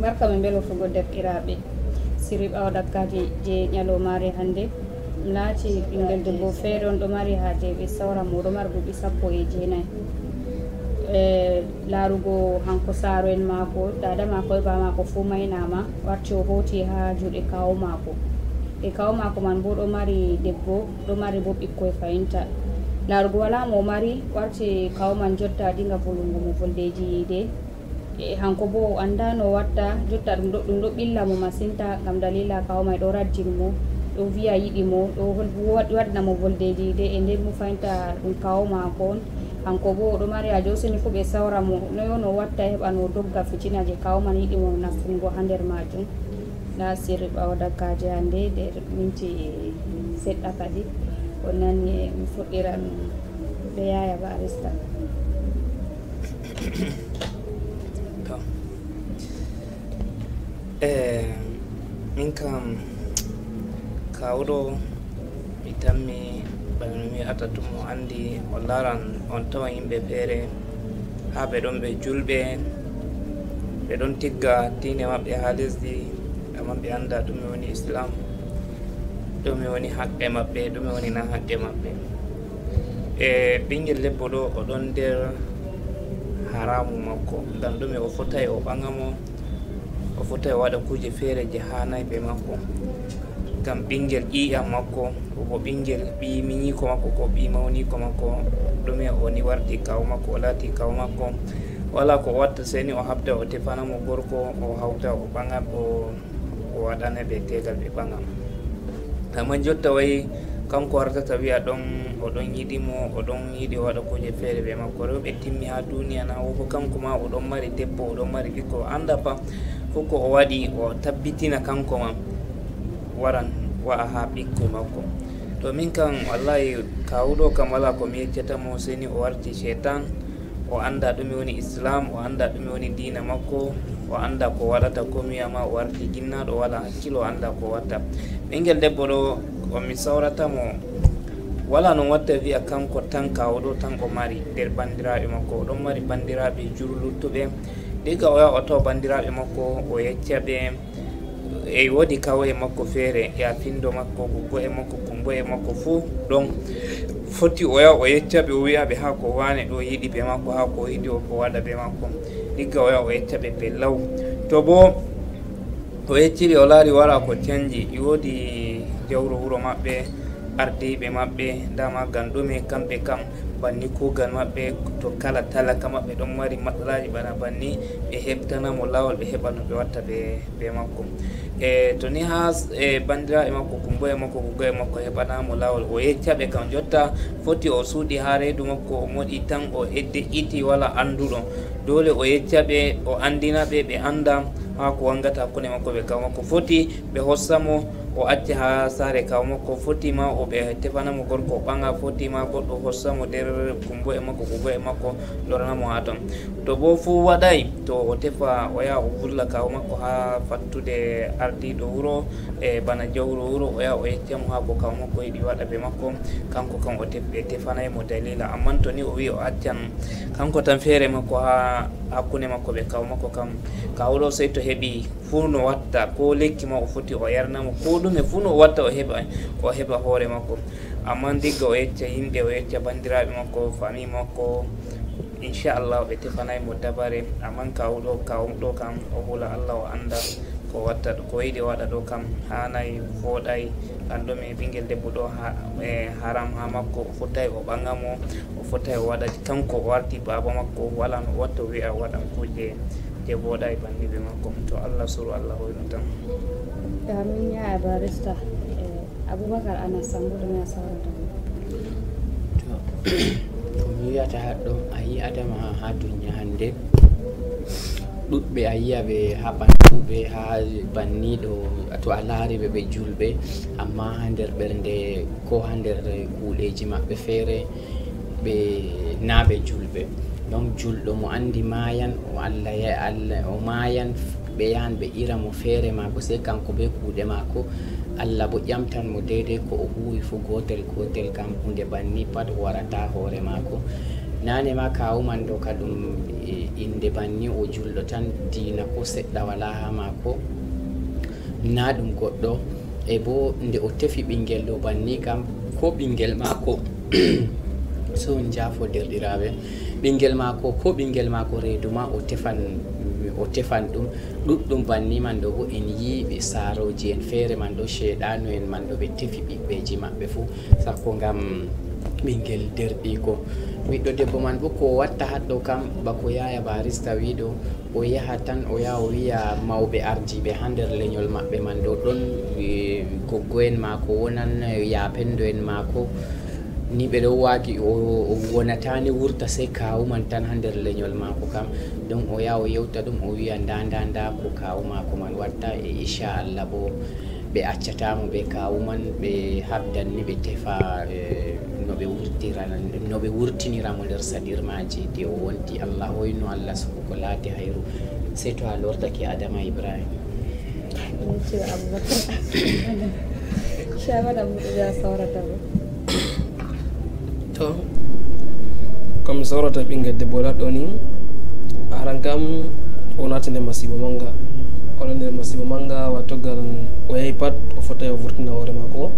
barka ɓe mbelotugo defqiraɓe siri ɓawa dakkaji je ñalomare hannde ɗum laati ɓingel debbo feere on ɗo mari haaje ɓe sawra mo ɗo mari duuɓi sappo e jeenayi e laarugo hanko saaro en maako dada maako e ba maako fuu maynama warti o hooti haa juuɗe kawo maako e kawo mako man bo ɗo mari debbo ɗo mari bo ɓikkoy fayinta larugo wala mo mari warti kawo man jotta dinga volungo mo voldeji yide e hanko bo anda no watta jotta ɗum ɗo ɓilla mo masinta gam dalila kawo may ɗo raddin mo ɗo wiya yiɗi mo ɗo waɗna mo voldeji yide e nden mo fayinta ɗum kawo mako on hanko bo ɗo mari a joseni fo ɓe sawra mo noyo no watta heɓa no dogga ficinaje kawo man yiɗi mo nafrungo ha nder majum na siri ɓawo dakkaji hannde nder minti seɗɗa kadi o nani mi fuɗɗiran ɓe yaya ba arista to e eh, min kam kawuɗo mi tammi balmi wiyata to mo anndi o laran on tawa yimɓe feere haa ɓe ɗon ɓe julɓe ɓe ɗon tigga tiine maɓɓe haa lesdi maɓɓe annda ɗume woni islam ɗume woni haqqe maɓɓe ɗume woni na haqqe maɓɓe e ɓingel lebbo ɗo oɗon nder haramu makko ngam ɗume o fotay o ɓaŋa mo o fotay o waɗa kuuje feere je hanay ɓe makko ngam ɓinngel ƴiƴam makko ko ɓingel ɓimiñiko makko ko mawniko makko ɗume oni warti kaw makko o laati kaw makko wala ko watta seni o habda o tefanamo gorko o hawta o ɓaŋa o o waɗan heɓe tegal ɓe ɓagam amma jotta wayi kanko artata wiya ɗon oɗon yiɗimo oɗon yiiɗi waɗa kuje feere ɓe makko rewɓe timmi ha duniya na woko kanko ma oɗon mari debbo oɗon mari ɓikko o anda pa fofko o waɗi o tabbitina kanko ma waran wa'a ha ɓikko makko to min kam wallahi kawuɗo kam wala komi yeccatamo seni o warti cheytan o anda ɗumi woni islam o anda ɗumi woni dina makko o annda ko waɗata komiyama warti ginnaɗo waɗa hakkilo annda ko watta ɓingel debbo ɗo omi sawratamo wala non watta wiya kanko tan ka oɗo tan o mari nder bandiraɓe makko oɗon mari bandiraɓe juru luttuɓe diga o yaha o tawa bandiraɓe makko o yecca ɓe e woodi kawo e, e makko feere ya findo makko ko go e makko ko mbo e makko fuu ɗon foti o yaha o yecca ɓe o wiyaɓe ha ko wane ɗo yiɗi ɓe makko ha ko yiɗi o waɗa ɓe makko đi ở bố, diga waya o yetta ɓe pellaw to bo o yecciri o laari wala ko canji i woodi jawro wuro maɓɓe ardiɓe maɓɓe dama mình ɗume kamɓe kam banni kugal maɓɓe to kala talaka maɓɓe ɗon mari matsalaji bana banni ɓe heɓtanamo lawol ɓe heɓa no ɓe watta be makko e to ni ha e bandiraɓe makko kumbo e makko kugo e makko heɓanamo lawol o yeccaɓe kam jotta foti o suuɗi ha reedu makko o moɗi tan o edde iti wala anduɗo dole o yeccaɓe o andinaɓe ɓe anda ha ko wangata hakkunde makko ɓe kaw makko foti ɓe hossamo o acca ha saare kaw makko fotima oɓe o ɓe tefanamo gorko o ɓaga foti goɗɗo hossamo nder kumbwe mako kumbwe mako lora na mwato to bo wadai to otefa waya wulla ka mako ha fattude ardi do wuro e bana jawro wuro waya o yettemo ha bo ka mako idi wada be mako kanko kan o tefana mo dalila amman to ni o wi o atyan kanko tan feere mako ha akune makko ɓe kaw makko kam kawɗo sai to hebi fuu no watta ko lekki ma o foti o yarnamo ko ɗume funo watta o heba o heba hoore makko amma ndigga o yecca yimɓe o yecca banndiraaɓe makko famille makko inchallah ɓe tefanay mo dabare amman kaw ɗo kawum ɗo kam o hula allah o annda ko watta ko yiɗi waɗa ɗo kam hanay fooɗay anndumi ɓingel debbo ɗo e haram ha makko o fottay o ɓaŋa mo o fottay o waɗa kanko o warti baaba makko wala no watta wiya waɗan kuje je booɗay banndiɓe makko to allah suru allah hoyno tan amin yaa ba restat aboubacar anas sambodomi a sawrata to komi wiyata ha ɗo a yiyatama ha duña hande ɗuɓɓe a yiya ɓe ha ɓanduɓe ha banniɗo to a laariɓe ɓe julɓe amma ha nder ɓernde ko ha nder kuuɗeji maɓɓe feere ɓe naaɓe julɓe donc julɗo mo andi mayan o allah allah o mayan ɓe yahan ɓe ira mo feere maako se kanko ɓe kuuɗe maako allah bo ƴamtan mo deydey ko o huwi fo gotel gotel kam hunde banni pat o warata hoore maako nane ma kawuman ɗo ka ɗum inde banni o julɗo tan dina ko seɗɗa wala ha maako na ɗum goɗɗo e bo nde o tefi ɓinguel ɗo banni kam ko ɓinguel maako so jafo derɗiraɓe ɓinguel maako ko ɓinguel maako reedu ma o tefan o tefan ɗum ɗuɗɗum banni man ɗo bo en yiiɓe saroji en feere man ɗo ceeɗano en man ɗo ɓe tefi ɓiɓɓeji maɓɓe fuu sakko ngam ɓingel derɓiko ɓiɗɗo debbo man bo ko watta haɗɗo kam bako yaya barista wiɗo o yaha tan o yaha o wiya mawɓe ardiɓe ha nder leñol maɓɓe man ɗo ɗon eh, koggo eh, en maako wonan yapendo en maako ni ɓe ɗo waati o wonata ni wurta sey kawuman tan ha nder leñol maako kam Don o yaha o yewta ɗum o wiya nda nda nda ko kawu maako man watta e inchallah bo ɓe accatamo ɓe kawuman ɓe ni ɓe tefa e, no ɓe wurtira no ɓe wurtiniramo nder saɗirmaji de o wonti allah hoyno allah sugu ko laati hayru sey to a lortake adama ibrahima ka comme sorota ɓinguel debbo la ɗo ni aran kam o naati nder masibo manga oɗo nder masibo manga wa toggal o yehi pat o fotai o vurtina hoore maako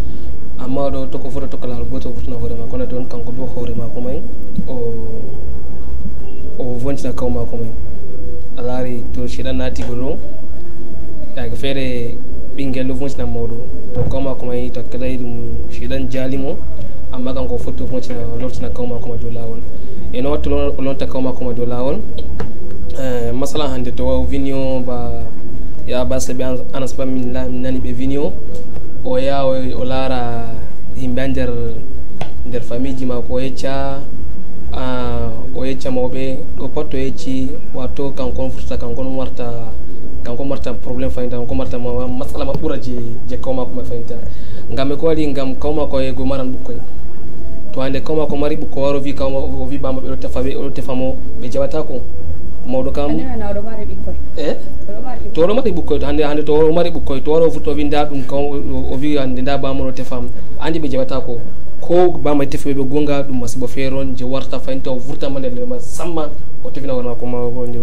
amma ɗo toko fota tokka laawol goto o vurtina hoore mako nde on kanko be hoore mako may o o wontina kaw mako may a laari to sheɗan naatigo ɗo yaga feere ɓinguel ɗo wontina mawɗo to kaw mako may takkalay ɗum seeɗan jaali mo amma ci futti huccina lortina kawma ko madu lawol eno wattu lonta kawma ko madu lawol eh, masala hande to waw vinio ba ya ba bien anas ba min nani be vinio o ya o laara himɓe der nder nder famille ji mako o yecca o yecca mawɓe ɗo pat to yecci wato kankon furtata kankon warta kon warta problème fayinta kankon warta masala ma ɓura je je kawmako ma fayinta ngam ko waɗi ngam kawmako e go maran ɓukkoye to koma ko mari ɓukko waro wi kama o wi bamba ɓe ɗotefa ɓe tefamo ɓe jaɓatako mawɗo kam to oɗo mari ɓukkoy hande hande to o mari ɓukkoy to waro vurto wi nda ɗum kam o wi hande nda bamano tefam andi ɓe jaɓatako ko bama tefe ɓe gonga ɗum masibo feere on je warta fayin taw vurtama nder lema samma o tefina hoore ma koma nder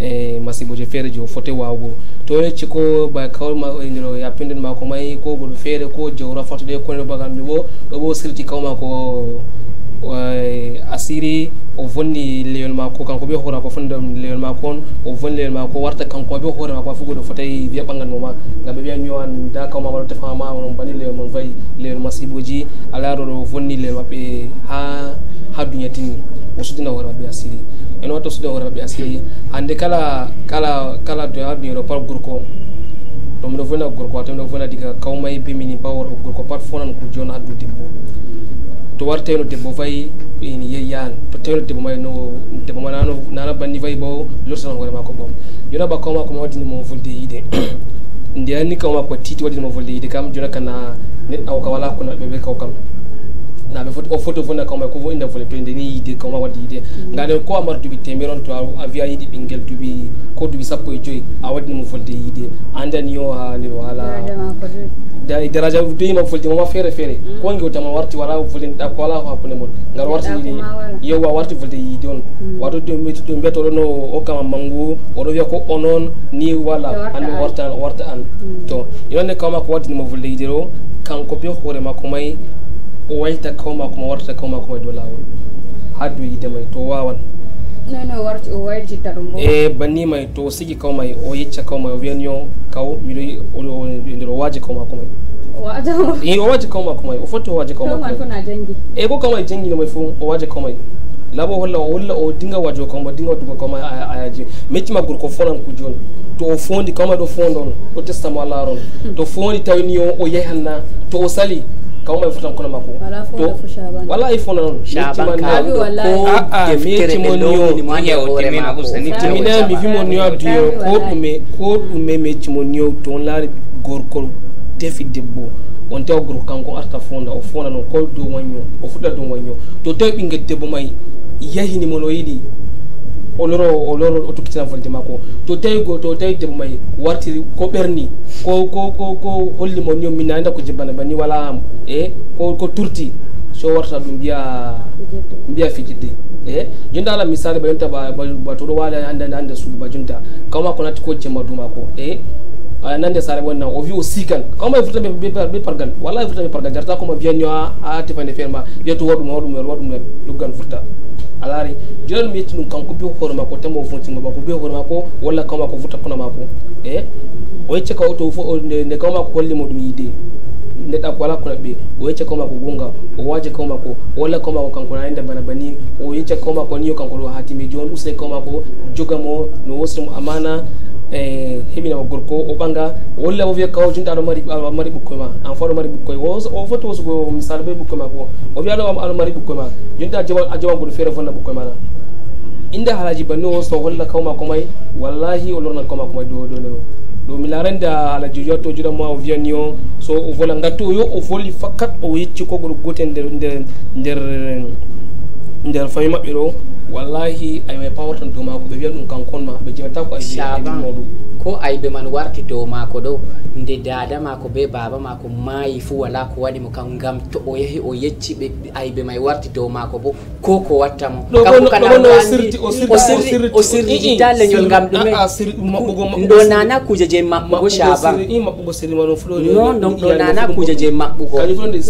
eh, masiboje fere jo fote wawo to e chiko ba kawol ma eh, ndiro ya pendin ma ko mai ko godo fere ko jawra fote de ko ne eh, bagande bo do bo sirti ma ko asiri o vonni leyol mako kanko ɓe hoore ko fonde leyol mako on o vonni leyol mako warta kanko ɓe hoore mako a fugo do fotay wiya mo moma ngam be wiya miwan da kaw mamaɗo tefama onon bani leyol mon vay leyol masiboji ala ɗo vonni leyol maɓɓe ha hadunyatinni osudina wara be asiri eno wato sudina wara be asiri ande kala kala kala tu do hadunyo par gurko ɗum ɗo vona gorko atam ɗo vona diga kawmay be mini bawor gorko pat fonan ko joni haddu debbo to war tawino debbo fay in yeyan yaani, to tawino tibo mai no tibo mai nano nana banni fay bo lortana hoore mako ɓom jona ba kaw mako ma waddini mo volde yiide nde anni kaw mako titi watu ni volde ide kama jona kana neɗɗo aw ka wala ko naɓɓe ɓe ofotofuna kama kuvo ina vule pende ni ide kama wadi ide mm. ngane ko amar dubi temeron to avia idi bingel dubi ko dubi sapo e joy awadi mu volde ide andan yo ha ni wala da daraja dubi ma volde ma fere fere mm. ko ngi wata ma warti wala volde da ko wala ha pone mon ngar warti ni yo wa warti volde ide on mm. wato do meto do beto no o kama mangu o do ko onon ni wala an warta warta an to yonne ma ko wadi mo volde ide ro kanko be hore makomai wayta koma kuma warta koma kuma dow lawol haddu yide may to wawan nono warti o wayltitta ɗum e banni may to sigi kaw may o yecca kaw may o wiyan yo kaw miɗo nder o waaji kaw mako may o waaji kaw mako may o foti o waaji kaw mako e ko kaw may jangino may fof o waaji kaw may labo holla o holla o dinga wajo kaw ma dinga wadugo kaw ma ayaji meccima gorko fonan ku joni to o fondi kaw ma ɗo fondo on ɗo testamo a laaron to fondi tawni ni o yehanna to o sali kauma ifuta mkono mako to wala ifona shtimantimina mivimonio duyo ko ah, ah, ume ko ume me timonio ton la gorkol defi debbo on tew gor kanko arta fonda o fonda non ko do wanyo o fuda do wanyo to tew ɓinguel debbo may yahinimo no yiɗi oloro oloro otukitila volde mako to go to tawi debbo may warti ko ɓerni ko ko ko ko hollimo ni o min anda ko jibbana bani wala am e ko ko turti so warta ɗum mbiya mbiya fijidde e jonta ala misali ba jonta ba toɗo wala hande hande suudu ba jonta kawma ko natti ko jemma du mako e nande sare wonna o wi o sikan kawma e furta be pargal wala e furta be pargal jarta koma biyanño a tefande feere ma wiya to waɗum waɗum waɗum luggan furta alari jol mi tinu kan ko bi ko ma ko tambo funti ngo ko bi ko ma ko wala kama ko futa kuna mako e o yece ka to fo ne ka ma ko kolli mo yide ne da ko ala ko be o yece ka mako ko gunga o waje ka mako ko wala ka mako ko kan ko inda bana bani o yece ka mako ko niyo kan ko hatimi jol usay ka ko joga mo no wosum amana hemina wa gorko o banga wolle o wiya kaw junta aɗa mari aɗa mari ɓukkoye ma en fo aɗa mari ɓukkoye o foti wosugo misal be ɓukkoye ma ko o wiya aɗa aɗa mari ɓukkoye ma junta a jawangoɗo feere fonna ɓukkoye maɗa inda halaji banni o so holla kawma ko may wallahi o lorna kawma ko may dow dow ɗo mi laranda alaji jotto juɗa ma o wiyani o so o vola gatto yo o voli fakat o yecci ko goɗo gotel nder nder nder nder famille maɓɓe ɗo wallahi ay may pawatan duma ko be wiya ɗum kankon ma ɓe jewta ko ay mawɗum ko aybe man warti dow maako ɗo nde dada maako be baba maako maayi fu wala ko waɗi mo kam ngam to o yehi o yecci ɓe aybe may warti dow maako bo ko ko watta mo o sirjita leñol ngam ɗumeɗo nana kuje je maɓɓugo chaban non non ɗo nana kuje je maɓɓugo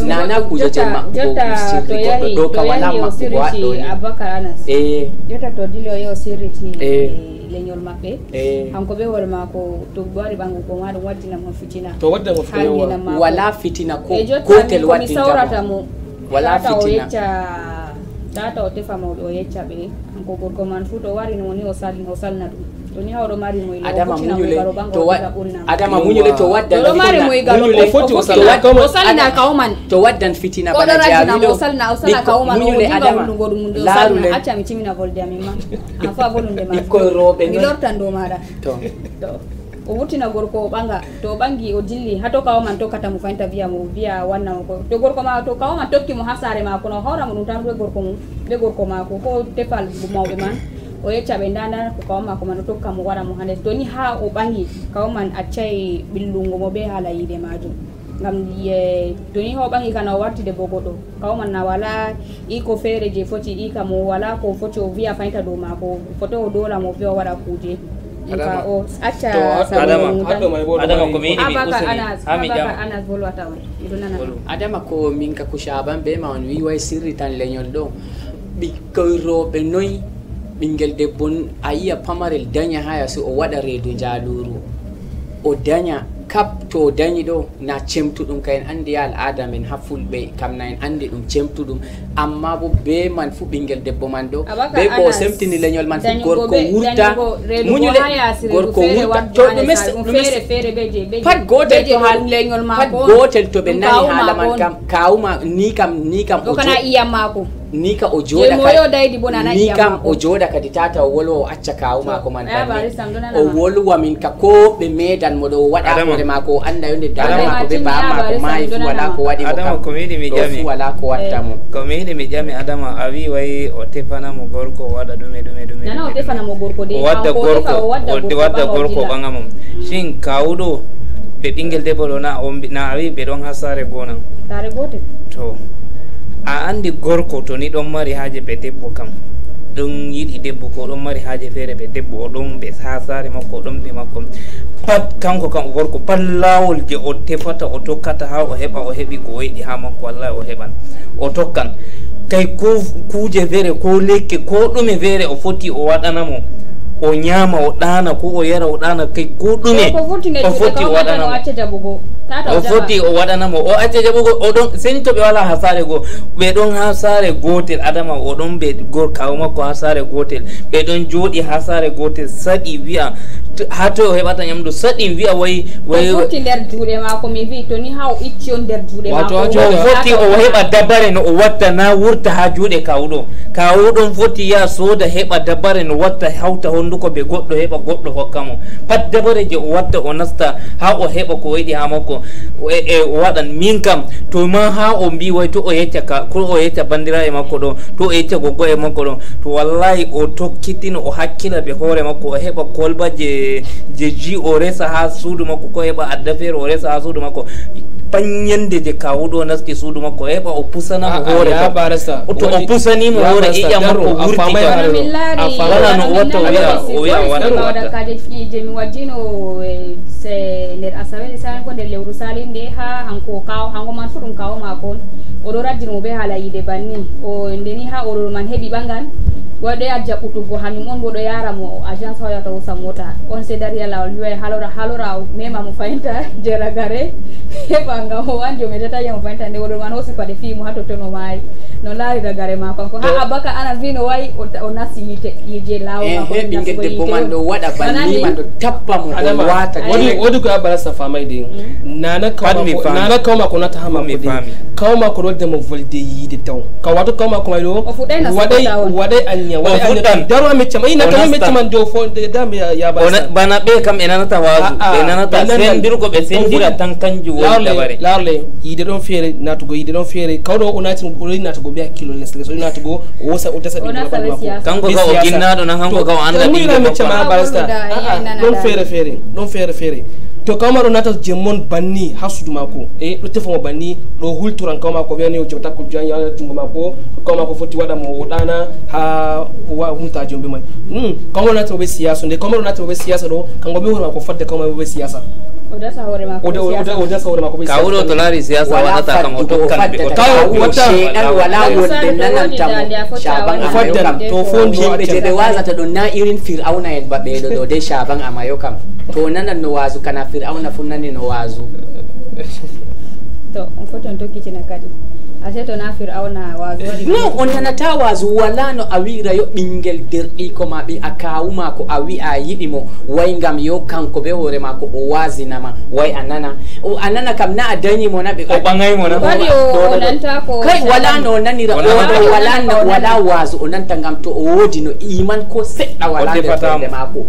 nana kuje je maɓɓugo goɗɗo ɗo ka wala maɓɓugo waɗɗo ni e jotta to dilo yo sirriti leñol maɓɓe eh. hanko ɓe hoore maako to wari ɓangugo ma ɗum waddinamo fitina to waddinamo fitina wala fitina ko gotel waddinmi sawrata mo wala fitina o yecca tata o tefa mawɗo o yecca ɓe hanko gorko man fuu to wari no ni o salna o salna ɗum doni hawro mari moy adama muñule to wat waddan o mari moy gal fitina bana jaami o ma an fa mi lortan do to o wurtina gorko o ɓaga to o ɓangi o dilli ha to kawoman tokkata mo fayinta wiya mo wiya wannamo ko to gorko ma to kawoman tokki mo ha saare mako no hawramo ɗum tan ɓe gorko mum ɓe gorko mako ko tefal mawɓe man oye caɓendana ko kawma komano tokka mo wara mo hande doni ha o ɓangi kawman accayi ɓillungo mo be haala yiide majum ngam doni ha o ɓangi kana o warti debbo goɗɗo kawman na wala iko feere je foti ika mo wala ko foti o wiya fayinta do maako foto o dola mo fi o waɗa kuuje ka o acca adama ko min adama ko caban be ma on wiway sirri tan leñol ɗo ɓikkoy roɓe noyi ɓingel debbo a yiya pamarel danya haya so o waɗa reedu njaaluru o daña kap to o dañi ɗo na cemtuɗum kayen en anndi ya al'ada men ha fulɓe kam na en anndi ɗum cemtuɗum amma bo be man fuu ɓingel debbo man ɗo be ko o semtini leñol man fu gorko wurta muñule gorko wurta to pat gotel to pat gotel to ɓe nani haala man kam kawuma ni kam ni kam o iyam maako nika o joɗa ni kam o joɗa kadi tata o wolwa o acca kawu mako man o wa min ka ko be medan modo wada o waɗa mako o anda yonde dada mako ɓe baa mako mayi fu wala ko waɗi adama ko mi mi wala ko watta mo ko mi mi ƴami adama a wi wayi o tefanamo gorko o waɗa ɗume ɗume ɗume o mo gorko de wada gorko o ɓaga mum shin kawuɗo ɓe bingel debbo ɗo o na awi wi ɓe ɗon ha sare gona sare gote to a andi gorko to ni ɗon mari haaje be debbo kam ɗon yiɗi debbo ko ɗon mari haaje feere ɓe debbo o ɗon ɓe ha saare makko o ɗon ɓe makko pat kanko kam o gorko pat laawol je o tefata o tokkata ha o heɓa o heɓi ko o yiɗi ha makko wallahi o heɓan o tokkan kay ko kuuje feere ko lekke ko ɗume feere o foti o waɗanamo o ñaama o ɗana ko o yara o ɗana kay ko ɗume o foti o waɗanamo o foti o waɗanamo o acca jaɓugo oɗon seni to ɓe wala ha saare goo ɓe ɗon ha saare gotel adama oɗon ɓe gor kawo makko ha saare gotel ɓe ɗon jooɗi ha saare gotel saɗi wiya hato heɓata ñamdu saɗin wiya way wayfoti nder juuɗe mako mi wi to ni ha o itti on nder mako wato ha o foti heɓa dabare no o watta na wurta ha juuɗe kawɗo kawuɗon foti ya sooda heɓa dabare no watta hawta honduko be goɗɗo heɓa goɗɗo hokka mo pat dabare je o watta o nasta ha o heɓa ko yiɗi ha makko e, e o waɗan min kam to ma ha o mbi way to o yecca ka ko o yecca bandira e makko ɗo to o yecca goggo e makko ɗo to wallahi o tokkitino o hakkila be hoore makko o heɓa kolba je je ji o sa ha sudu mako ko heɓa adda feere o sa ha sudu makko paññande je kawuɗo naski suudu makko heɓa o pusana. mo hoore to o pusanimo hoore iƴamaro o no o watta o wiya o wiya wajjino se nder asawe misali ko nder lewru sali nde ha hanko kaw hanko man fu ɗum kawo mako on oɗo raddinimo be haala yiide banni o ndeni ha oɗo man heɓi ɓangal waɗoya jaɓɓutugo hanum on boɗo yara mo agence hoyata wusa mota on se dari lawol wiway halora halora o mema mo fayinta jeragare heɓa ngam o wanjo mi tatawiya mo fayinta nde oɗo man hosi paɗe fimo ha totton no maayi no laarira gare mako ko ha abaka ana vino wayi o nasi yite je lawol ɓingel eh, eh, debbo man ɗo waɗa bannima ɗo tappa mo o wata wadu kwa ko bala safa mai de nana kama nana kama ko tahama hama de kama ko de mo volde yi de taw ka wato kama ko ilo wade wade anya wade anya daro me chama ina eh, kama me chama do fo de ya bala bana be kam ina nata wazu be nana ta sen dir ko be sen dira tan kanju wala labare larle yi don fere natu go yi de don fere ka do onati mo natu go be kilo lesle so natu go wosa utasa bi kango ka o ginna nan hango ka o anda bi ko chama bala sta ah, ah, ah. eh, eh, don fere fere don fere fere to kawmaro nata jemmon banni ha sudu mako e ɗo tefamo banni ɗo hultoran kawma ko wiyani o jobata ko jan yaa jungo mako kawma ko foti waɗa mo o ɗana ha wa humta jombe man hmm, kawmaro nata ɓe siyasa nde kawmaro nata ɓe siyasa ɗo kango ɓe hoore mako fadde kawma ɓe siyasa kawuro tolari wala wodde nanantamo shaban ɓe wasata ɗo na irin fir'auna en ba ɓeɗo ɗo amayo kam to nanan no wasu kana fir'auna fu nani no wasu non on nanata waso walano a wirayo ɓingel derɗiko ma ɓe a kawuma ko a wi a mo way gam yo kanko ɓe hoore ko o wasinama way a nana a nana kam na a dañimo na ɓe o ɓagaymo na kay wala no nanira oɗo wala wala waso o nanta gam to o woodi no iman ko seɗɗa wala de hoore mako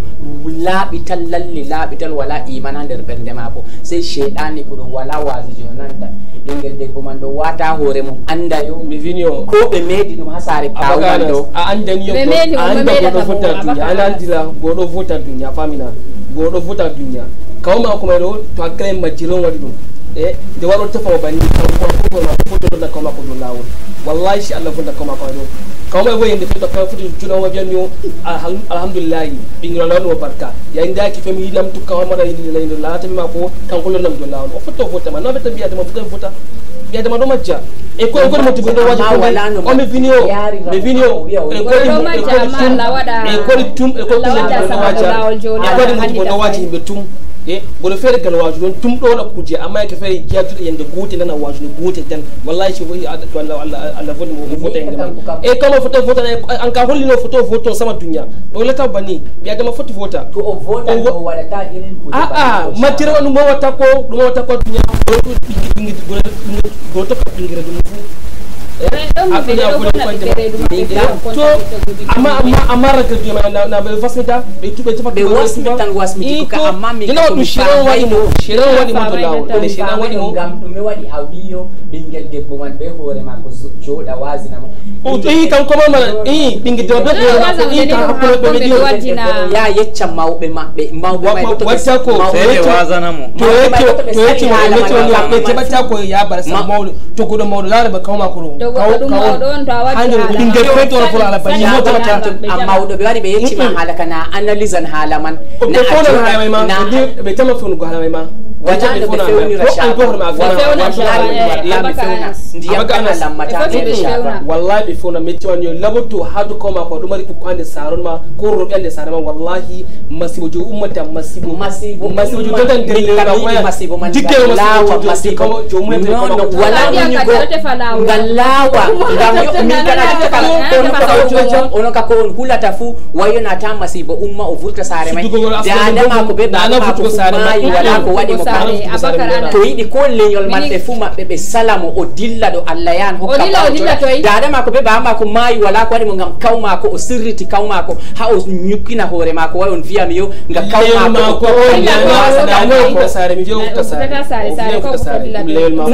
laaɓital lalle laaɓital wala iman ha nder ɓernde maako sey cheyɗani ko ɗum wala wasiji o nanta ɓingel debbo man ɗo wata hoore mum anda yo mi wini o ko ɓe meeɗi ɗum ha saare kawuman ɗo a andaniyoanda goɗo vota duniya an andira goɗo vota duniya famina goɗo vota duniya kawma ko may ɗo to hakkila en majjire waɗi ɗum de waro tefa bani ko ko na ko do na kama ko do lawol wallahi shi Allah bunda kama ko do kama bo yende fito ko futu julo wa janyo alhamdulillah bingro lawol wa barka ya inda ki fami lam tu kama mara ni la inda la tamma ko kan ko lam do lawol o futa ma na be tambiya de ma futa futa ya de ma do majja e ko ko mo tibo waji ko ko mi video mi video e ko ko majja ma la wada ko ko tum e ko ko do majja e ko mo be tum e eh, gono fere gal waju don tum ɗo na kuje amma ko feere jeertuɗo yande gootel nana waaju no gootel tan wallahi so woni allah ala foti mo eh, foto e ngam e kama foto foto an ka no foto o vote on sama duniat ɗo lataw banni ɓi adama foti vota aa matiére ɗum mo watta ko ɗum o watta ko duniat ɗo ɗo ɗingi ɗingi goto ka ɗingira ɗum fof to to shiran wadi mo shiran wadi mo to lawo to shiran wadi mo gam to me wadi awiyo yecca mawbe mabbe mawbe mai to ya bar sa mawdo to ko do mawdo lare ba goɗɗo mawɗo ɓe waɗi ɓe yeccima haala kana analyse an haala man ɓe fonan haala ma wajen da bai ni rasha wallahi bai fewna mai cewa ne labutu hadu koma ko dumar ku kwande sarun ma ko robiyan ande sarun wallahi masibu jo ummata masibu masibu masibu ju tan tota lawa masibu ju mun ta ko wala mun go ngalawa ngam mi kana ono ka ko hula tafu wayo na ta masibu umma o vurta sare mai da ma ko be ba ko ma wala ko wadi to yiɗi ko leñol maɓɓe fuu maɓɓe ɓe salamo o dilla ɗo allah yahan hokkadaɗa mako be baba mako maayi wala ko waɗi mo gam kaw mako o sirriti kaw mako ha o ñukkina hoore mako way on wiyami yo nga kaw makoɗum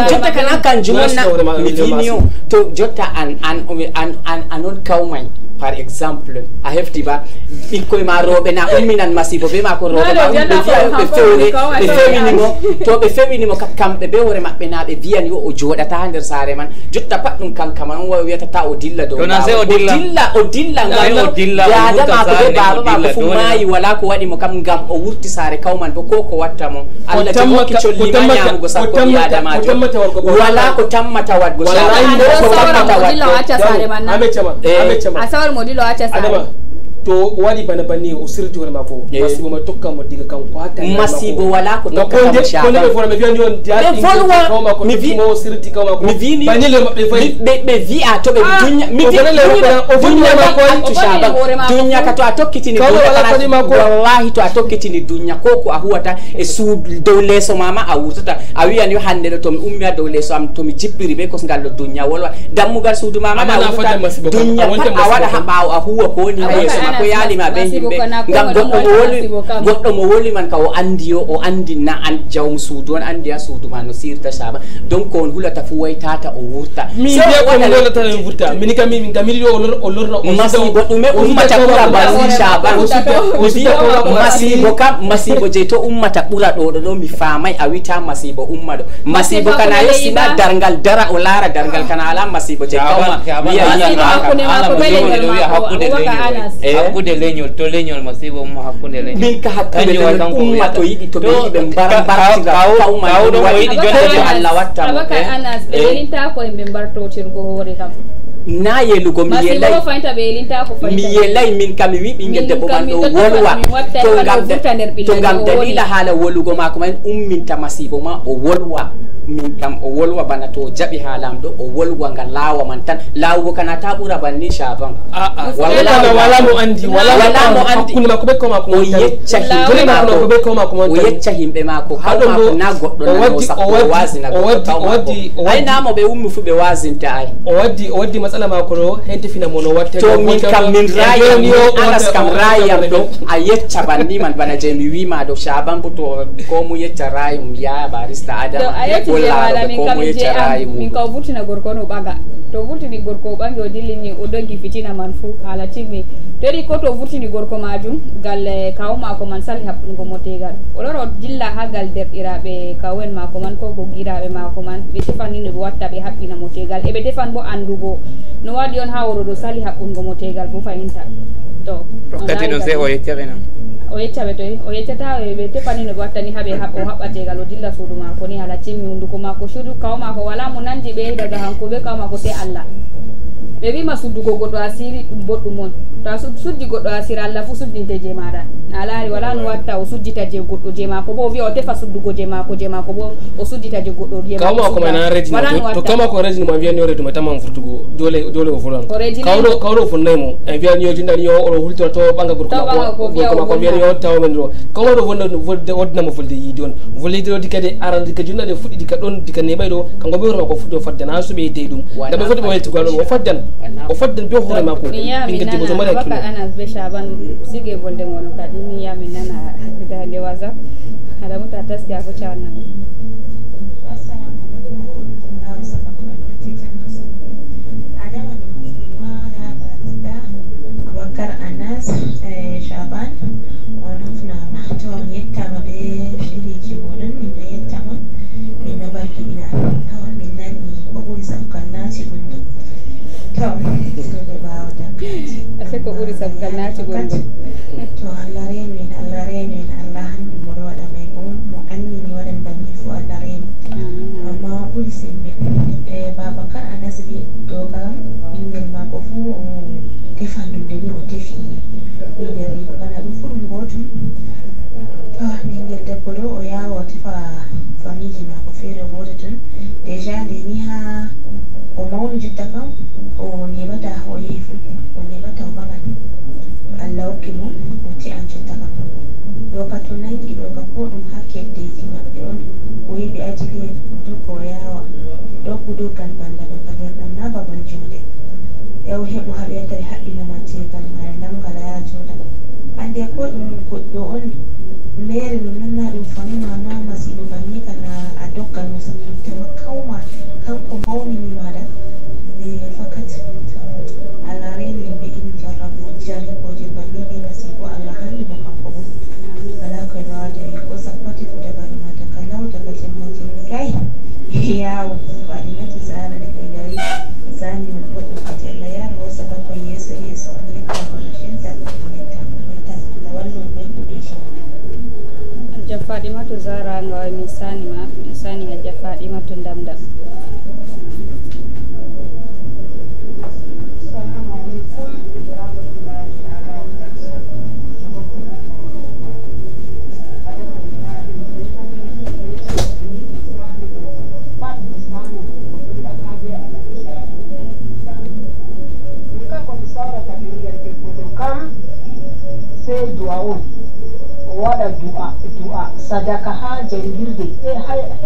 jotta kana kanjum na mi wimi to jotta an an an an on par exemple a hefti ba ɓikkoy ma roɓe na umminan masibo be ma ko rewɓe ma ɓe wiya ɓe fewne ɓe fewnimo to ɓe kamɓe be hoore maɓɓe na ɓe mbiyan yo o joɗata ha nder saare man jotta pat ɗum kankama on wiyata ta o dilla dow o dilla o dilla mako be baba mako fu maayi wala ko waɗimo kam gam o wurti saare kawman bo ko ko watta mo allah jogokki collima ñamugo sakko ɓi adamajo wala ko tammata ko tammata wadgo Adébọ̀rìmọ̀dì lọ Manchester. to wadi bana bani o sirti wala mako masibo ma tokka mo diga kan kwata hata masibo wala ko tokka ko shaba ko ne fona me vi on dia ko folwa mi vi mo sirti ka mako mi vi ni bani le be fay be be vi a to be ah, dunya mi vi o dunya ma ko to shaba dunya ka to a tokkiti ni dunya wala ko ni mako wallahi to a tokkiti ni dunya ko ko a huwata e su dow leso mama a wutata a wi an yo hande to mi ummi a dow leso am to mi jippiri be ko ngal do dunya wala dammugal suudu mama ma dunya a wada ha bawo a huwa ko ni leso mama ko yaalima be yimɓe ngam goɗɗo mo woli goɗɗo mo woli man ka o anndi o anndi na an jawm suudu on anndi ha suudu ma no sirta saba donc on hulata fu way tata o wurta min biya ko e mi lolata o wurta mini kami min kami yo o lorra o masibo ɗume ummata ɓura basi saban mi masibo kam masibo je to ummata ɓura ɗo ɗo mi famai a wita masibo umma masibo kana yestina dargal dara o lara dargal ah. kana ala masibo je kawma wiya yiaaa hakkude leñol to leñol mo mo hakkude leñol min ka hakkude leñol umma to yiɗi to ɓe yiɗi ɓe mbarbartigakawɗo o yiɗi jonde allah watta abakar anas ɓe yelinta ko hemɓe mbartotirgo hoore kam na yelugo mi yelay mi yelay min kam mi wi ɓingel debbo man ɗo wolwa to ngam to ngam dalila haala wolugo maako man umminta masibo ma o wolwa min kam o wolwa bana to jaɓi ha lamɗo o wolwa nga lawa man tan lawugo kana ta ɓura banni chaban wala mo andi wala mo andi ko o yecca himɓe mako ko haɗo mako na goɗɗo nano sappo ay namo ɓe ummi fu ɓe wasinta ay o waddi o waddi matsala mako ɗo hente fina watte to min kam min rayam anas kam rayam ɗo a yecca banni man bana je mi wima ɗo chaban bo to ko mu yecca rayum ya barista adam hollaɗo ko komoye carayi mum min kaw vurtina gorko on o ɓaga to vurtini gorko o ɓangi o dillini o doggi fitina man fou haala timmi tori ko to vurtini gorko majum gal kawo maako man sali haɓɓungo mo tegal o lora dilla ha gal derɗiraɓe kawen maako man ko goggiraɓe maako man ɓe tefan ni no ɓe watta ɓe haɓɓina mo tegal eɓe defan bo andugo no waɗi on ha oɗo ɗo sali haɓɓungo mo tegal bo fayinta to eh, no se o yeccaɓe noon o ɓe toy o yeccata ɓe tepanino ɓe wattani haɓe o haɓɓa tegal o dilla suudu mako ni hala timmi hunduko mako suudu kaw mako wala mo nandi ɓe daga hanko ɓe kaw mako alla allah ɓe wima suddugo goɗɗo asiri ɗum boɗɗum on to a suddi goɗɗo asiri allah fu suddinte je maɗa na laari wala no watta o suddita je goɗɗo je mako bo o wiya o tefa suddugo je mako je mako bo o suddita je goɗɗo je kawmako mana rejinto kawmako rejinima wiyanio reduma taman furtugo jole jole o furan kawɗo kawɗo o fonnaymo e wiyaniyo yo oɗo hultira to ɓanga gorkomako wiyaniyo tawamen ɗo kawmaɗo woddinamo volde yiide on volide ɗo dikade arande ka junnaɗe fuɗɗi dika ɗon dika neɓay ɗo kanko ɓe wuuro mako fuɗɗi o faddan ha soɓe yitey ɗum nda ɓe foti ɓe weltigoaɗo o faddan ofadden do hoore makko ɓingel debbo to mari hakkilo anas be chaban sigue bolde mon kadi mi yamin nana hakkida nde wasap haɗa muta taski a focawanna Bakar Anas, eh, Shaban, ko ɓuri sabu kal naati gonɗo to allah reemi en allah reemi en allah hanndi mboɗo waɗa may on mo anndini waɗan banni fof allah reemi amma o ɓuri sembe e babacar anas wi ɗo ka ɓinngel maako fuu o defandude ni o defi ɓinngel rigo bana ɗum fuu ɗum gootum ɓinngel debbo ɗo o yawa o tefa famille maako feere goota ton déjà nde ni haa o mawni jotta kam o neɓata o yehi fuu o neɓata maɓɓimo o te'a jottaka yoka to nangi ɗoka ko ɗum ha keddeji maɓɓe on o yi ɓe ajili en doko o yawa ɗo kudogal banda ɗo ka nder ɗam na babal jonde e o heɓu haɓe yata ɓe haɓɓinoma tegal mare ndam ngala ya joɗa hande ko ɗum goɗɗo on mere ɗum nonna ɗum fani mana masiɗo banni kana a doggal mo sabbinte ma kawma kanko mawnini maɗa real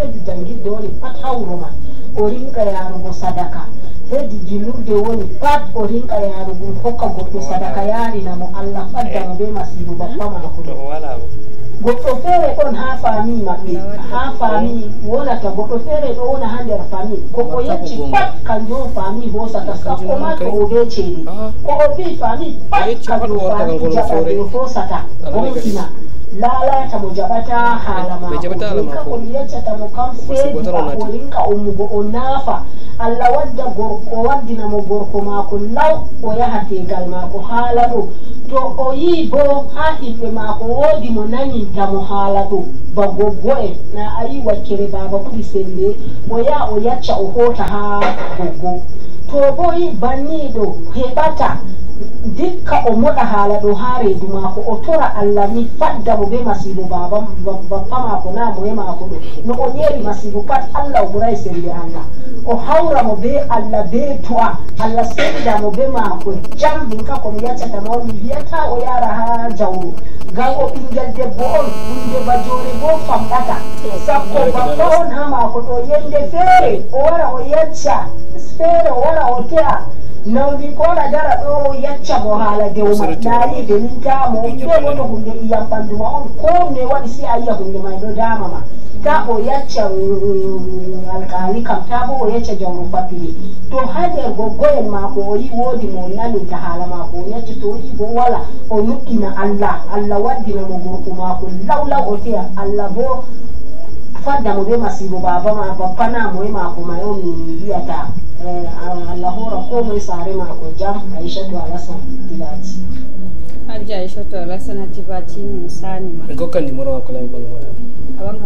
hedi jangi dori pat hawroma o rinka yarugo sadaka hedi di woni pat o rinka yarugo hokka goɗɗo sadaka yarinamo allah faddamo eh. be masibo bappa mako goɗɗo feere on ha fami maɓɓe ha fami wonata goɗɗo feere ɗo wona ha nder fami ko o yecci pat kanjum fami hosata sakko ma to o be ceede ah. ko o wi fami pat kanjum fami jaɓa ɓe hosata gomfina lalata mu jabata halama olinka oliyecata mu kamseedi olinka omugo onaafa allah wadda gorko o waddina gorko mako law o yaha tegal mako hala ɗo to o yi bo ha himɓe maako wodi mo nani tamo hala ɗo ba goggo en na ayi yi wakkere baaba ɓuri sembe o yaha o yacca o hoota haa goggo to bo banni ɗo heɓata dikka o moɗa haala ɗo ha reedu maako o tora allah ni fadda mo be masibu baba bappa maako na moye maako ɗo no o ñeeri masibu pat allah o ɓuray sembe allah o hawramo mo be allah be to'a allah senda mo be maako jam ɗum ka komi yaccatama on mi wiyata o yara ha jawru ngam o ɓinngel debbo on hunde bajoore bo famɗata sakko e bappa on ha maako ɗo yende feere o wara o yacca feere o wara o te'a nongi kona dara ɗo yacca mo haala dewma nayi denintamo to wono hunde iyam ɓandu ma on ko ne waɗi si a yiya hunde may ɗo dama ma ta o yacca alkali kam ta bo o yacca jawro fattuli to ha nder goggoyen maako o yi woodi mo naninta haala maako o yacca to yi bo wala o yuɗɗina allah allah waddina mo gorko maako lawlaw o teya allah bo fadda mo be masibo baba ma bappa na mo ma eh, ah, ko ma yo mi biyata allahora ko mo sare ma ko jam aishatu alasan tilati hadi aishatu alasan tilati ni sani ma ngoka ni moro kula la bangora abanga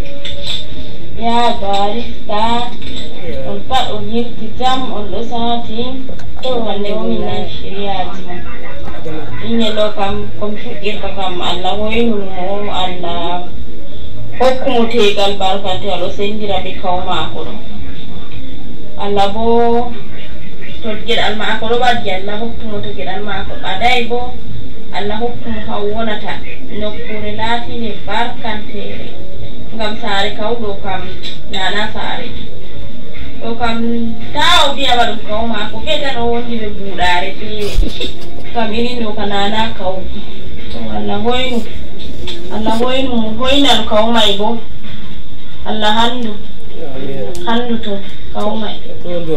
ya gharista olpa oyiktitamo olosaatin towandewo minan shiriyatima inyelo kam komshuɗɗirka kam allah woynumo allah hokkumo tegal barkante aɗo sendira be kaw maako ɗo allah bo to geɗal maako ɗo waddi allah hokkumo to geɗal maako ɓaday bo allah hokkumo ha wonata nokkure laatinde barkantere nga msarika udo kam nana sare to kam taw biya waɗum kaw mako ɓe tan o wondi ɓe buuɗare feewi kam irin ɗo nana kaw to allah hoynu allah hoynu hoynan kaw may bo allah handu handu to kaw may ɗondu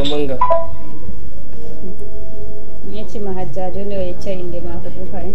o hajjajo nde o yecca inde mako ɗum fayin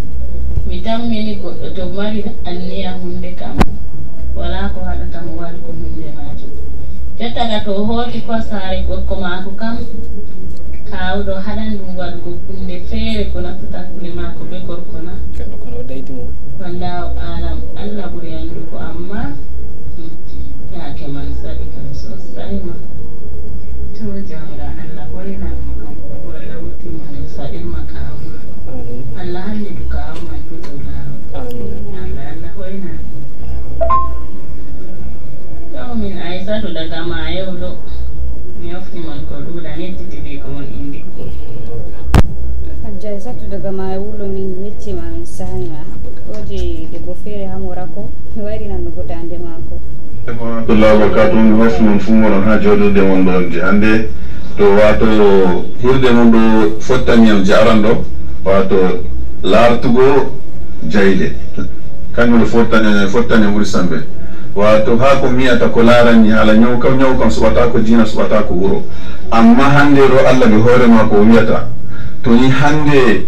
mi tammini goɗɗo to mari anniya hunde kam wala ko haɗata mo waɗi ko hunde majum jottaga to hooti ko saare gorko maako kam kawɗo haɗan ɗum waɗugo hunde feere ko nafata kule maako be gorko na wallahu alam allah ɓuri anndugo amma hmm. yake man sadi kam so salima to jam satu daga maayo ɗo mi hoftimon ko ɗuuɗa nettitiɓe indi. inde hajja satu daga maayo wulo min yettima min sahanima ɗoje debbo feere ha morako mi warinannugo dande maako rahmatullahi wabarakatu mi hofti mon fuu moɗon ha joɗirde mon ɗon je Ande, to wato hirde mon do, fottaniyam je aran ɗo wato lartugo jayde kañum fottani fottani ɓuuri sambe wato ha ko miyata ko larani hala ñaw kam ñaw kam ko diina subata ko wuro amma hande ro allah hore ma ko wiyata to ni hande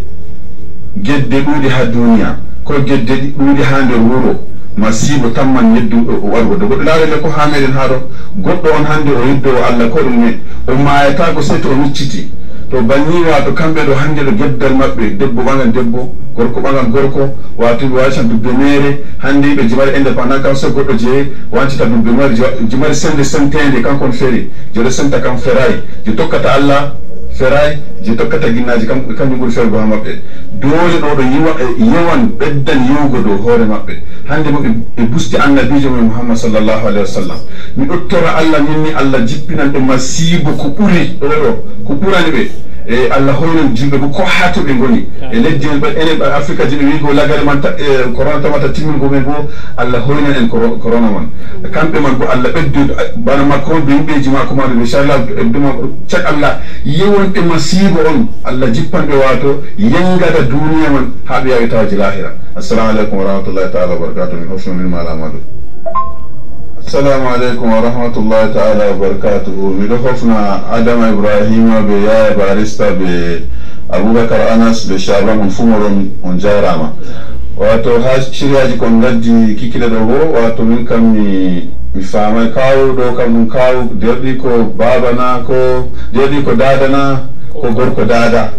gedde ɗuuɗi ha duniya ko gedde ɗuuɗi ha nder wuro masibo tamman yedduɗo o wargodo goɗɗo laarede ko ha meɗen ha ɗo goɗɗo on hande o yeddowo allah ko ɗum ni o mayata ko seto o micciti to banni wato kamɓe ɗo hande ɗo geddal maɓɓe debbo ɓagan debbo gorko ɓagan gorko wato ɓe waccan dubbemere hannde ɓe jimari indépendant kam so goɗɗo ta wancata dubbemere jimari semde semtede kanko on feri joɗo senta kam feray je tokkata allah feray je tokkata ginnaji kamkañum ɓuri fewgo ha maɓɓe doole ɗo ɗo yiwa e yewan ɓeddan yewugo dow hoore maɓɓe hande mo ɓe busti annabijo mum muhammad sallllahu alayhi wa sallam mi ɗottora allah minni allah jippinan ɗo masibo ko ɓuri ɗo ɗo ko ɓurani ɓe e allah hoynan jimɓe ko ko ha to ɓe goni e leddi e, en enen afrique ji ɓe wi ko lagare man corona tawata timmingo men goo allah hoynan en corona man mm. kamɓe man ko allah ɓeddu bana macron ɓe yimɓeji mako maɗo inchallah duma e cak allah yewonɓe masibo on allah jippanɓe wato yengata duniya man ha ɓe yawi tawaji lahira assalamu aleykum warahmatullahi taala wa barakatu min hofsno min السلام عليكم ورحمة الله تعالى وبركاته adama آدم إبراهيم بيا باريستا أبو بكر أنس بشابا من فمر من جارما wato ha shirya ji kondaddi kikila da dogo wato min kan mi fama kawo do mun kawo ko babana ko ko dadana ko gorko dada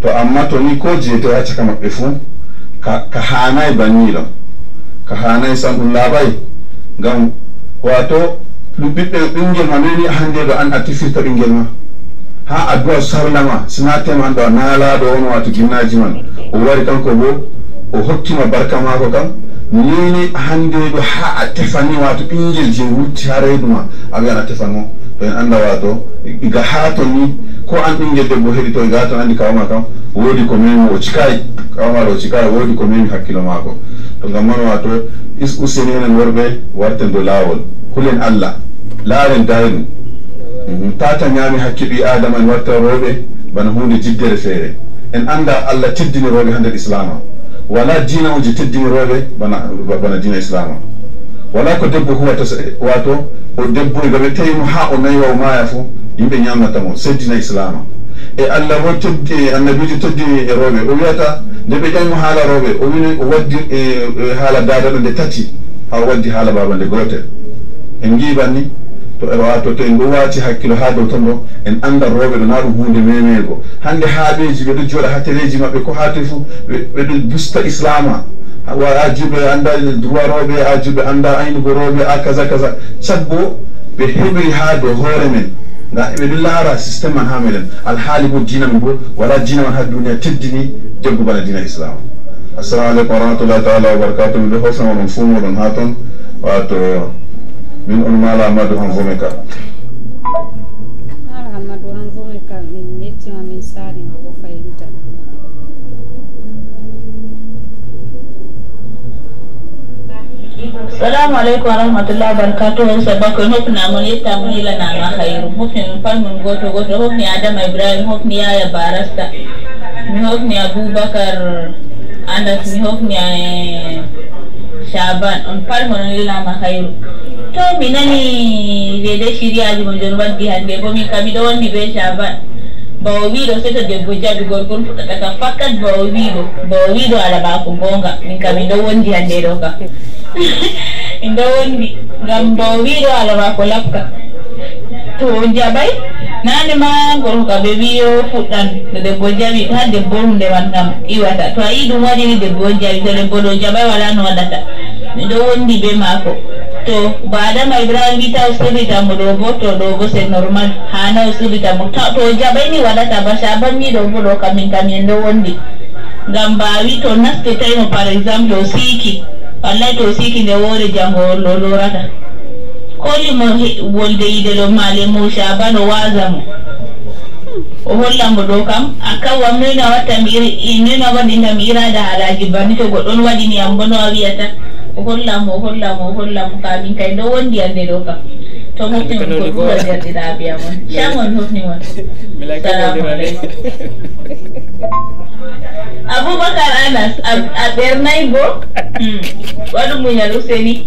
to amma to ni ko je to ya caka mabbe fu ka hanai ka hanai san labai gam wato ɓiɓɓe ɓingel ma nani hande ɗo an a tifirta ɓingel ma ha addu'a sarlama sinatema an ɗo a naalaɗo on wato ginnaji man o wari kanko bo o hokkima barka mako kam nini hande ɗo ha a tefani wato ɓingel je wutti ha reedu ma a wiyan a tefan to en anda wato iga ha to ni ko an ɓingel debbo heɗi to iga ha to andi kawama kam wodi ko memi o cikayi kawamaɗo o cikayi wodi ko memi hakkilo mako to ngam man wato isku senen worɓe warten do laawol hulen allah laaren daynu mhm. tata ñaami hakke ɓi adama en warta rewɓe bana hunde jiddere feere en annda allah teddini rewɓe ha nder islama wala dina uji teddini rewɓe bana bana dina islama wala ko debbo huwata wato o debburiga ɓe tawimo ha o naywa o maya fo yimɓe ñamnatamo seddina islama e allah ho teddi annabijo teddini e, e rewɓe o wi'ata nde ɓe ƴanngu haala rooɓe o wini e, e, o waddi haala daada ɗo nde tati haa waddi haala baaba nde gootel en ngiiban ni to e waa toto en ɗo waati hakkilo haa dow ton ɗo en annda rooɓe ɗo naa ɗum huunde memeego hannde haaɓeeji ɓe ɗo jooɗa haa teleeji maɓɓe ko haa toy fuu ɓe ɗo busta islama a juɓe annda droit rooɓe a juɓe annda aynugo rooɓe a kaza kaza caggo ɓe heɓiri haa dow hoore men ga ɓe ɗo laara systéme man haa meɗen alhaali bo diina men bo wala diina man haa duniya teddi ni jogu bana dina islam assalamu alaikum warahmatullahi taala wabarakatuh ɗo hosama ɗon fuu moɗon ha toon wato min on mala amadou han vome ka mala amadou han vome ka min yettima min sarima bo fayinta salamu aleykum warahmatullah wabarakatuh sabako hofnamon yettamon ilanama hayru hofni min falmin goto goto hofni adama ibrahima hofni yaya barasta mihokni abubakar anas mihokni shaban on par hono lilama hayru to minani nani dede siriyaji monjon jon waddi hande bo min kam miɗo di be shaban bawo wido se to debbo jaɓi gorkol fuɗɗata kam fakkat bawo wido bawo wido ala gonga min mi kabi ɗo wondi hande ɗo kam min ɗo wondi ngam bawo wiɗo alabako to jaɓay nane ma gorko ɓe wi o fuɗɗan to debbo jaɓi ha debbo hunde man kam iwata to a yi ɗum waɗiri debbo on jaɓi to debbo ɗo wala no waɗata miɗo wondi be maako to ba adama ibrahim wita o sirritamo ɗo bo to ɗo bo normal hana o sirritamo to jaɓay ni waɗata ba sa banni ɗo bo ɗo kamin kam wondi ngam mbawi to nastetaino par exemple o siiki wallay to siiki nde wore jango o lo kolimo wolde yiɗelo male musa bano wasamo o hollamo ɗo kam a wam noyno a watta noyno a waɗintam irada haalaji banni to goɗɗon waɗiniyam bo no a wiyata o hollamo o hollamo o hollamo kamin kay ɗo wondi ande ɗo kam to hofnimon ko ɗuwa jarɗiraɓe amon camon hofnimon salamu aleykum aboubacar anas a ɓernay bo hmm, waɗu muñal useni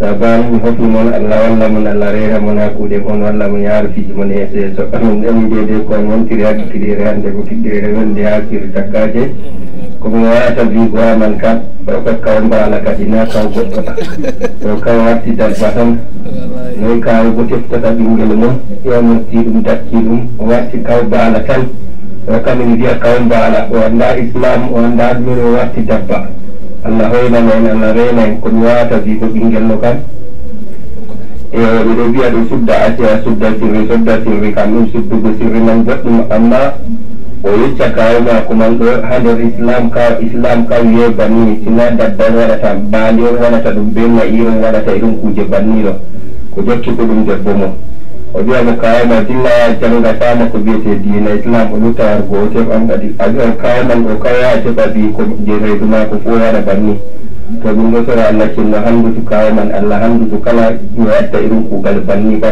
sabani mi hokki moon allah walla mon allah reera mon ha kuuɗe moon walla mo yaarufiji mon ese so amin ɗami dede koye wontiri hakkikiɗire hannde ko e kiɗɗirere e wonde ha kiri dakkaje komi wawata wigo ha man kam ɓawka kaw mbaala kadi na kaw goɗɗo to kaw watti dabba tan noyi kaw bo teftata ɓinngel mum ƴewmotti ɗum dakki ɗum o watti kaw mbaala tan o kamin mbiya kaw mbaala o annda islam o annda ɗumen o watti dabba na hoyna men na reenen komi watati ko ɓinguel no kan e ɓeɗo wiya ɗo sudda asiya sirri sodda sirri kam ɗum suddugo sirri man boɗɗum amma o yecca na mako man ɗo ha nder islam ka islam ka wiye banni sina dabban waɗata baali on waɗata ɗum na na'i on waɗata e ɗum kuje lo ko jokki ko ɗum ojuwaɓe ma dilla ya ta na ko biyete dina islam o luttawar goo teɓan kadi ajuwan kayemal o kaya teɓa bi ko je reydu ma ko fof waɗa banni to ɗum ɗo sora allah cinno handutu man allah handutu kala mi watta irum kuugal banni ba.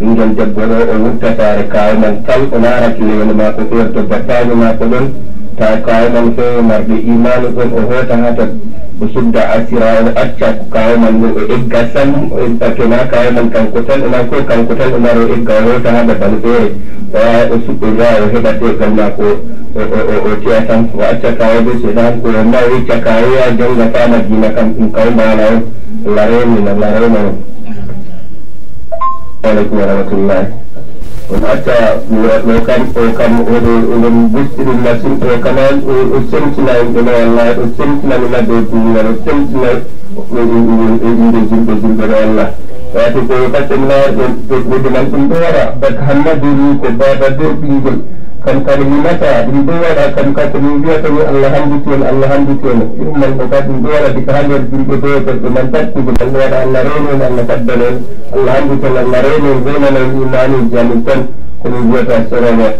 ɓingel debbo ɗo o ta wurta saare kayemal tal o laara kilewel ma ko feer to battajo ma ko ɗon iman, മറുപടി ഈമാനുകൾ ഓഹോ തങ്ങാത്ത busunda asira wani acca ku kawo man no e ga san ke na kawo man kan kutan ina ko kan kutan ina ro e ga ro ta da ban be wa o su ko ya o he da te kan na ko o ti a san wa acca kawo be se dan ko na wi acca kawo ya janga ta na ji na kan kun kawo ma na la re ni na la re na alaikum warahmatullahi unaka lokan okam odo unum bustin nasin okanan usin sinai dena Allah usin sinai na de dina usin sinai ngin ngin de jin de jin de Allah ya to ko katemna de de de nan tumbara bak hanna duru ko ba ba de pingul kan ka ni mata din do kan ka to ni biya Allah hamdu to Allah hamdu to irum man ko ka din do di din man Allah reno Allah tabbal Allah hamdu Allah reno zaina al iman jamin kan ni biya ta sarana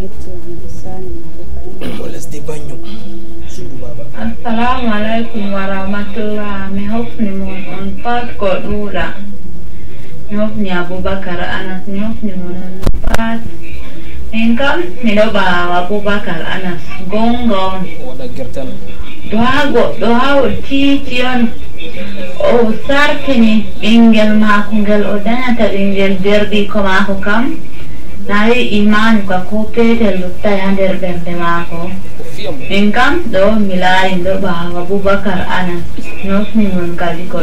itu bisani wala sti banyo assalamu alaikum warahmatullah mi abu bakar anas ñofni monopat min kam miɗo abu bakar anas gonga on doa ha goɗɗo ha o tiiti on o aku ɓingel udah ngel o derdi ɓingel derɗiko aku kam Nari iman ka ko petel luttai ya nder ɓerde maako min do mila indo laayi ɗo anas ñofni mon kaji ko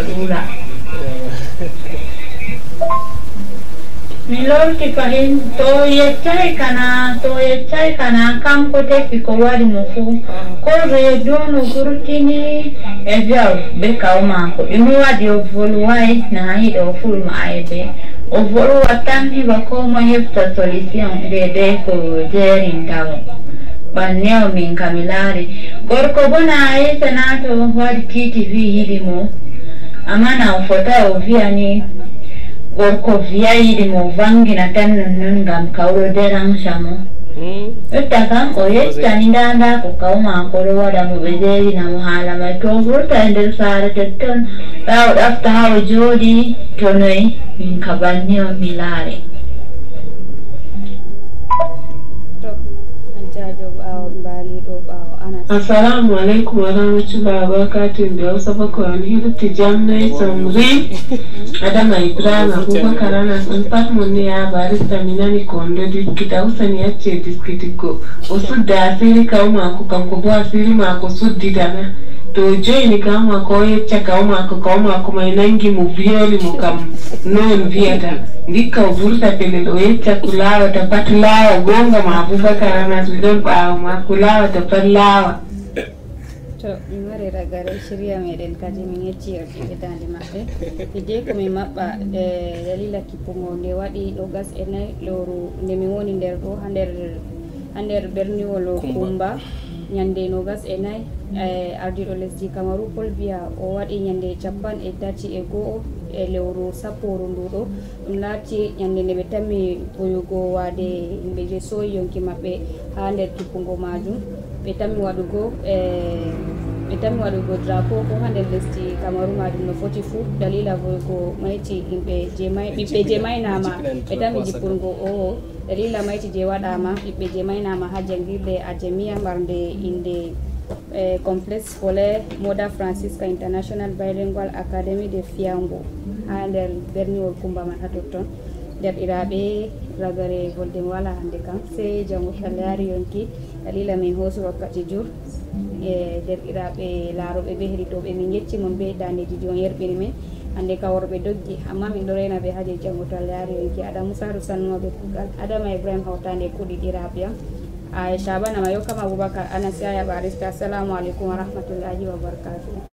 to ye chai kana chai kana kanko ki ko do no guru dono gurtini e wiyaw be kaw maako ɗum waɗi o volway na hiɗa o fulma be o wa tan heɓa ko mo heɓta solution de ko jerintamo ɓanneo min kami laari gorko bo na ayese na to waɗi kiti wi yiɗi mo Amana na o fota okoviyayiri movangi hmm? wada gamkawuloderamusamu na oyettanidandakokaumaakolowada mubezeri uta matogultaenderusare sara ɗawo ɗaftahawo jooɗi jodi min kabanniyo milare Assalamu alaikum warahmatullahi wabarakatuh. Ndio sabako wanhiru tijamna somri adama Ibrahim Abubakar ana sunpat munni ya barista minani kondo dikita usani yache diskitiko osu asiri kauma kukankubwa asiri mako sudidana tojoini eh, kaama koye caka omako ko may nangi mo biyoli mu kam noon wiyata ndikka o ɓurta pelel o yecca ko laawata pat laawa gonga ma aboubacar anas pa ɓaawa ma ko pat laawa to min wari ragare siriya meɗen kadi min yecci hedande maɓɓe de ko min maɓɓa e eh, dalila kippugo nde wadi ɗo gas e nayi lowru nde mi woni nder ɗo ha nder ha nder berniwol kumba ñande nogas e nayi e ardiɗo lesdi camaru pol biya o waɗi ñande capan e tati e goho e lewru sappo wuro e nduɗo ɗum laati ñande nde ɓe tammi boyugo waade yimɓe je sooyi yonki maɓɓe ha nder tuppugo majum ɓe tammi waɗugo e, ɓe tammi waɗugo drapo ko ha nder lesdi camaru majum no foti fuu dalila boyugo mayti yimɓe je mayɓiɓɓe je maynama ɓe tammi jippurgo o dalila mayti je waɗama ɓiɓɓe je maynama ha jangirde ajamia marde inde e complexe scolaire moda francisca international bilingual académie de fiango ha nder berniol kumba man ha totton derɗiraɓe ragare volden wala hande kam sey jango tallayari yonki dalila min hoosi wakkati jur e derɗiraɓe laaroɓe ɓe heeɗi toɓe min yecci mon ɓe dandeji jon yerɓiri men ande ka worɓe doggi amma min ɗo rena ɓe haaji janngo to allah yaari yonki adamu saru sannoɓe kuugal adama ibrahima hawtande kuɗiɗiraɓe am aya shaban ama yokkam aboubacar anas yaya barista assalamu aleykum wa rahmatullahi wa barakatuh